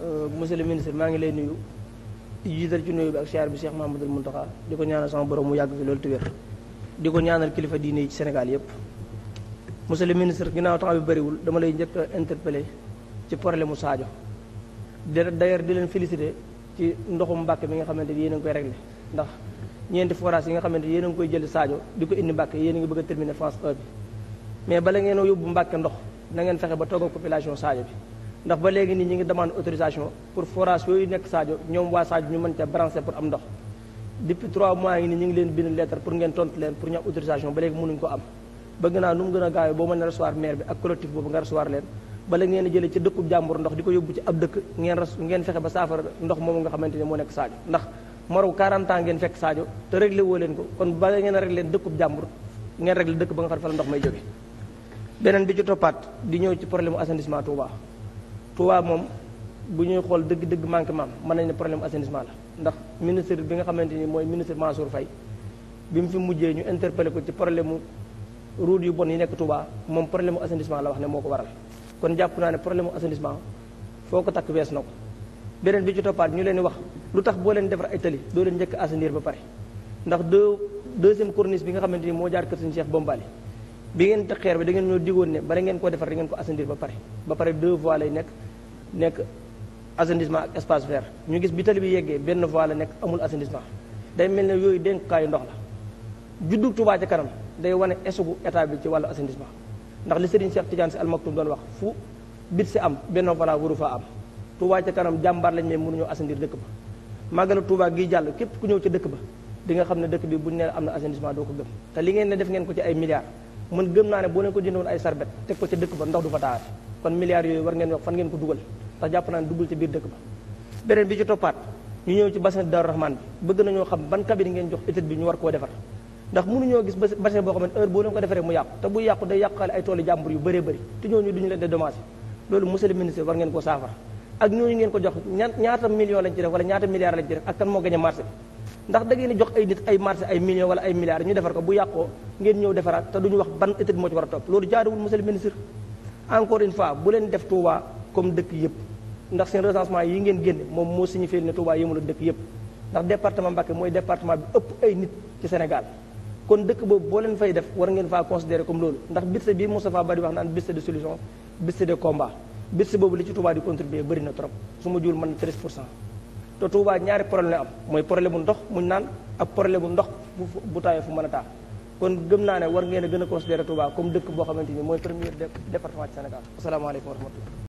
Euh, monsieur le ministre maa ngi lay nuyu di jiital ci nuyu bi ak siyaar bi Cheikh Mahamadul Muntaxa di ko ñaanal sama borom mu yàgg fi loolu te wér di ko ñaanal kilifa diine yi ci senegal yëpp monsieur le ministre ginnaaw temps bi bëriwul dama lay njëkk a ci problème mu Sadio d'ailleurs di leen félicité ci ndoxum Mbàkke mi nga xamante ni yéen ngi koy réglé ndax ñeenti forage yi nga xamante ni yéen a ngi koy jël Sadio di ko indi Mbàkke yéen a ngi bëgg a terminé phase mais bala ngeen a yóbbu Mbàkke ndox na ngeen fexe ba toog ak population bi ndax ba léegi nii ñu ngi demande autorisation pour forage yooyu nekk Sadio ñoom waa Sadio ñu mën ca brancher pour am ndox depuis 3 mois yi nii ñu ngi leen bind lettre pour ngeen tontu leen pour ñu am autorisation ba léegi mënuñu ko am bëgg naa nu mu gën a gaawee boo mën a recevoir maire bi ak collectif boobu nga recevoir leen bala ngeen a jëlee ci dëkkub jàmbur ndox di ko yóbbu ci ab dëkk ngeen res ngeen fexe ba saafara ndox moomu nga xamante ne moo nekk Sadio ndax maru 40 kon bala ngeen a leen dëkkub jàmbur ngeen réglé dëkk ba nga xam ne fa la ndox may jóge ñëw ci problème assainissement Touba Touba moom bu ñuy xool dëgg-dëgg manquement mën nañ ne problème assainissement la ndax ministre bi nga xamante ni mooy ministre Mansour Faye bi mu fi mujjee ñu interpellé ko ci problème mu route yu bon yi nekk Touba moom problème mu la wax ne moo ko waral kon jàpp naa ne problème mu assainissement foo ko takk wees na ko beneen bi ci toppaat ñu leen wax lu tax boo leen defar ay tali doo leen njëkk assainir ba pare ndax deux deuxième corniche bi nga xamante ni moo jaar kër Sëñ Cheikh Bombali bi ngeen te xeer bi da ngeen defar ngeen ko assainir ba pare ba pare deux lay nekk nekk assainissement ak espace vert ñu gis bi tali bi yeggee benn voie la nekk amul assainissement day mel ne yooyu kaayu ndox la juddu Touba ca kanam day wane esugu état bi ci wàllu assainissement ndax li Serigne Cheikh Tidiane si almaktum doon wax fu bit si am benn voie waru faa am Touba ca kanam jàmbaar lañ mais mënuñoo assainir dëkk ba màggalu Touba gi jàll képp ku ñëw ci dëkk ba di nga xam ne dëkk bi buñ ne am na assainissement doo ko gëm te li ngeen ne def ngeen ko ci ay milliards man gëm naa ne boo leen ko jëndoon ay sarbet teg ko ci dëkk ba ndox du fa kon milliards yooyu war ngeen wax fan ngeen ko dugal ndax jàpp naa ne duggul ci biir dëkk ba beneen bi ci toppaat ñu ñëw ci bassin Darou Rahman bi bëgg nañoo xam ban cabinet ngeen jox étude bi ñu war koo defar ndax mënuñoo gis bassin boo xam ne heure boo leen ko defaree mu yàqu te bu yàqu day yàqale ay toolu jàmbur yu bëree bëri te ñooñu duñu leen dédommagé loolu monsieur ministre war ngeen ko saafara ak ñooñu ngeen ko jox ñaata million lañ ci def wala ñaata milliards lañ ci def ak kan moo a topp loolu jaaduwul monsieur le ministre encore une fois bu leen def Touba comme dëkk yëpp ndax seen recensement yi ngeen génne moom moo signifié ne Touba yëmul ak dëkk yëpp ndax département Mbacké mooy département bi ëpp ay nit ci Sénégal kon dëkk boobu boo leen fay def war ngeen faa considérer comme loolu ndax budget bi Moustapha Ba di wax naan budget de solution budget de combat budget boobu li ci Touba di contribuer bëri na trop su ma juul mën na 13 pour cent te Touba ñaari problème am mooy problème bu ndox muñ naan ak problème bu ndox bu bu tawee fu mën a taa kon gëm naa ne war ngeen a gën a considérer Touba comme dëkk boo xamante ni mooy premier département du Sénégal asalaamaaleykum wa rahmatullah